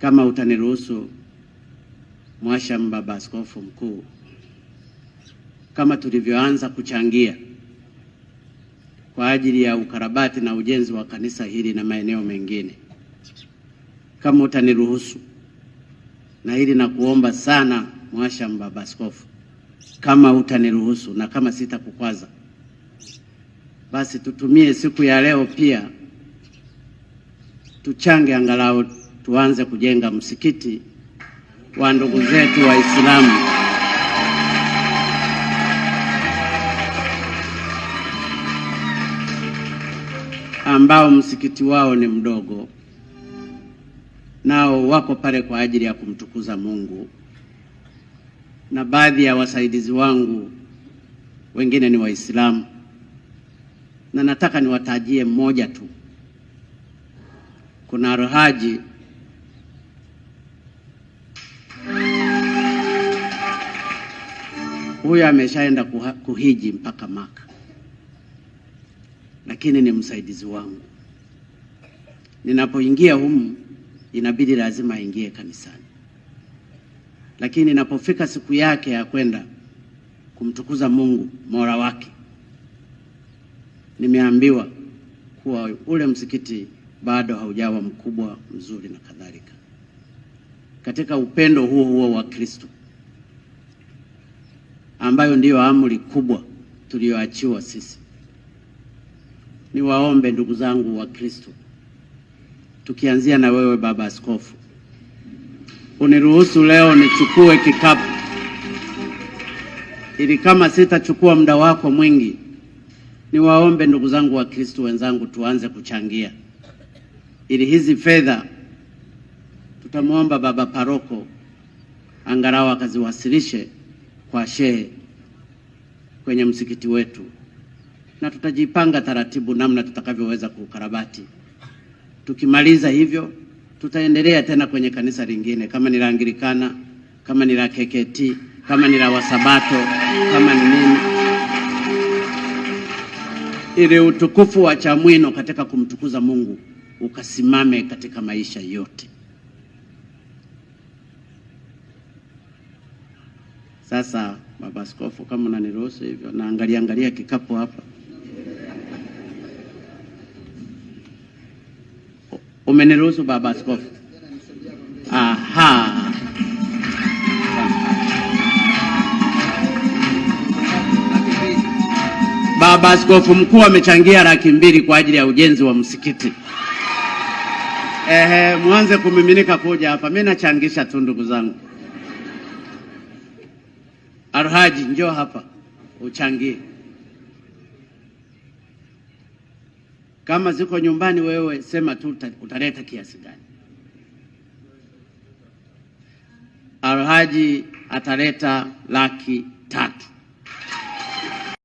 Kama utaniruhusu Mwasham, baba askofu mkuu, kama tulivyoanza kuchangia kwa ajili ya ukarabati na ujenzi wa kanisa hili na maeneo mengine, kama utaniruhusu na hili nakuomba sana Mwasham, baba askofu, kama utaniruhusu na kama sitakukwaza, basi tutumie siku ya leo pia tuchange angalau tuanze kujenga msikiti wa ndugu zetu Waislamu. ambao msikiti wao ni mdogo, nao wako pale kwa ajili ya kumtukuza Mungu, na baadhi ya wasaidizi wangu wengine ni Waislamu, na nataka niwatajie mmoja tu. Kuna Alhaji huyo ameshaenda kuhiji mpaka Maka, lakini ni msaidizi wangu. Ninapoingia humu inabidi lazima aingie kanisani, lakini inapofika siku yake ya kwenda kumtukuza Mungu mora wake, nimeambiwa kuwa ule msikiti bado haujawa mkubwa mzuri na kadhalika, katika upendo huo huo wa Kristo ambayo ndiyo amri kubwa tuliyoachiwa sisi. Niwaombe ndugu zangu wa Kristo, tukianzia na wewe baba askofu, uniruhusu leo nichukue kikapu, ili kama sitachukua muda wako mwingi, niwaombe ndugu zangu wa Kristo wenzangu, tuanze kuchangia ili hizi fedha tutamwomba baba paroko angalau akaziwasilishe kwa shehe kwenye msikiti wetu, na tutajipanga taratibu namna tutakavyoweza kukarabati. Tukimaliza hivyo, tutaendelea tena kwenye kanisa lingine, kama ni la Anglikana, kama ni la KKT, kama ni la Wasabato, kama ni nini, ili utukufu wa Chamwino katika kumtukuza Mungu ukasimame katika maisha yote. Sasa baba askofu, kama unaniruhusu hivyo, naangalia angalia kikapu hapa. Umeniruhusu baba askofu? Aha. Baba askofu mkuu amechangia laki mbili kwa ajili ya ujenzi wa msikiti. Ehe, mwanze kumiminika kuja hapa. Mimi nachangisha tu ndugu zangu arhaji njoo hapa uchangie. Kama ziko nyumbani, wewe sema tu utaleta kiasi gani. arhaji ataleta laki tatu.